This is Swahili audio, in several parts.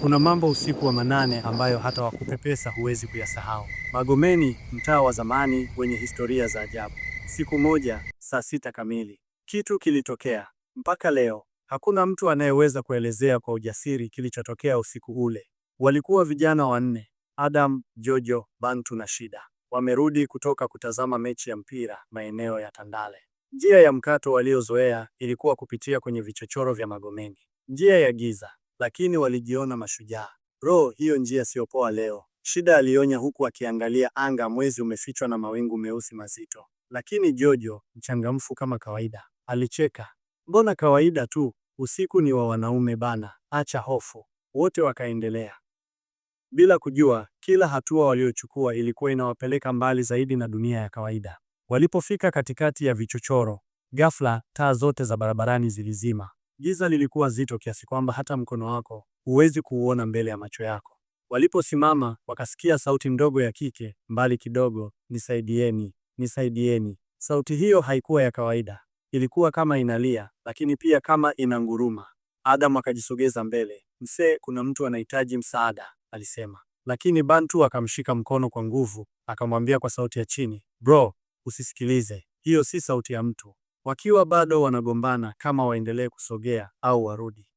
Kuna mambo usiku wa manane ambayo hata wakupepesa huwezi kuyasahau. Magomeni, mtaa wa zamani wenye historia za ajabu. Siku moja saa sita kamili kitu kilitokea. Mpaka leo hakuna mtu anayeweza kuelezea kwa ujasiri kilichotokea usiku ule. Walikuwa vijana wanne, Adam, Jojo, Bantu na Shida, wamerudi kutoka kutazama mechi ya mpira maeneo ya Tandale. Njia ya mkato waliozoea ilikuwa kupitia kwenye vichochoro vya Magomeni, njia ya giza lakini walijiona mashujaa. ro hiyo njia poa leo, Shida alionya huku akiangalia anga. Mwezi umefichwa na mawingu meusi mazito, lakini Jojo mchangamfu kama kawaida alicheka. Mbona kawaida tu, usiku ni wa wanaume bana, acha hofu. Wote wakaendelea bila kujua, kila hatua waliochukua ilikuwa inawapeleka mbali zaidi na dunia ya kawaida. Walipofika katikati ya vichochoro, ghafla taa zote za barabarani zilizima. Giza lilikuwa zito kiasi kwamba hata mkono wako huwezi kuuona mbele ya macho yako. Waliposimama wakasikia sauti ndogo ya kike mbali kidogo, nisaidieni, nisaidieni. Sauti hiyo haikuwa ya kawaida, ilikuwa kama inalia, lakini pia kama inanguruma. Adam akajisogeza mbele. Msee, kuna mtu anahitaji msaada, alisema, lakini Bantu akamshika mkono kwa nguvu, akamwambia kwa sauti ya chini, bro, usisikilize, hiyo si sauti ya mtu, wakiwa bado wanagombana kama waendelee kusogea au warudi.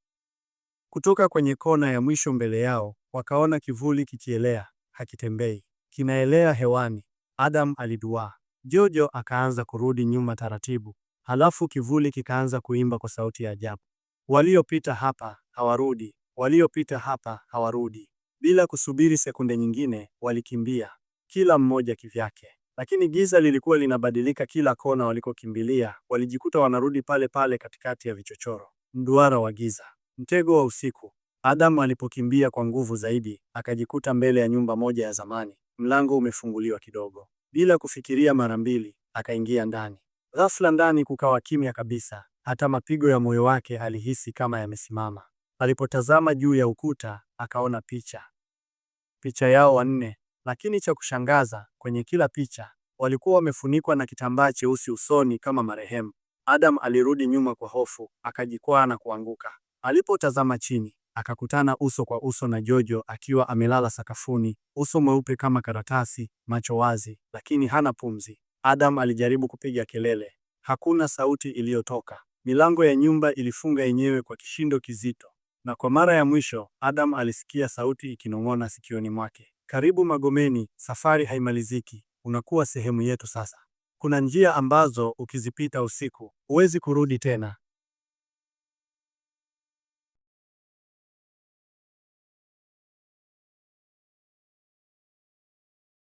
Kutoka kwenye kona ya mwisho mbele yao, wakaona kivuli kikielea, hakitembei, kinaelea hewani. Adam aliduaa. Jojo akaanza kurudi nyuma taratibu, halafu kivuli kikaanza kuimba kwa sauti ya ajabu, waliopita hapa hawarudi, waliopita hapa hawarudi. Bila kusubiri sekunde nyingine, walikimbia kila mmoja kivyake. Lakini giza lilikuwa linabadilika kila kona walikokimbilia, walijikuta wanarudi pale pale katikati ya vichochoro. Mduara wa giza, mtego wa usiku. Adam alipokimbia kwa nguvu zaidi, akajikuta mbele ya nyumba moja ya zamani. Mlango umefunguliwa kidogo. Bila kufikiria mara mbili, akaingia ndani. Ghafla ndani kukawa kimya kabisa, hata mapigo ya moyo wake alihisi kama yamesimama. Alipotazama juu ya ukuta, akaona picha, picha yao wanne lakini cha kushangaza, kwenye kila picha walikuwa wamefunikwa na kitambaa cheusi usoni kama marehemu. Adam alirudi nyuma kwa hofu, akajikwaa na kuanguka. Alipotazama chini, akakutana uso kwa uso na Jojo akiwa amelala sakafuni, uso mweupe kama karatasi, macho wazi, lakini hana pumzi. Adam alijaribu kupiga kelele, hakuna sauti iliyotoka. Milango ya nyumba ilifunga yenyewe kwa kishindo kizito, na kwa mara ya mwisho Adam alisikia sauti ikinong'ona sikioni mwake. Karibu Magomeni, safari haimaliziki. Unakuwa sehemu yetu sasa. Kuna njia ambazo ukizipita usiku huwezi kurudi tena.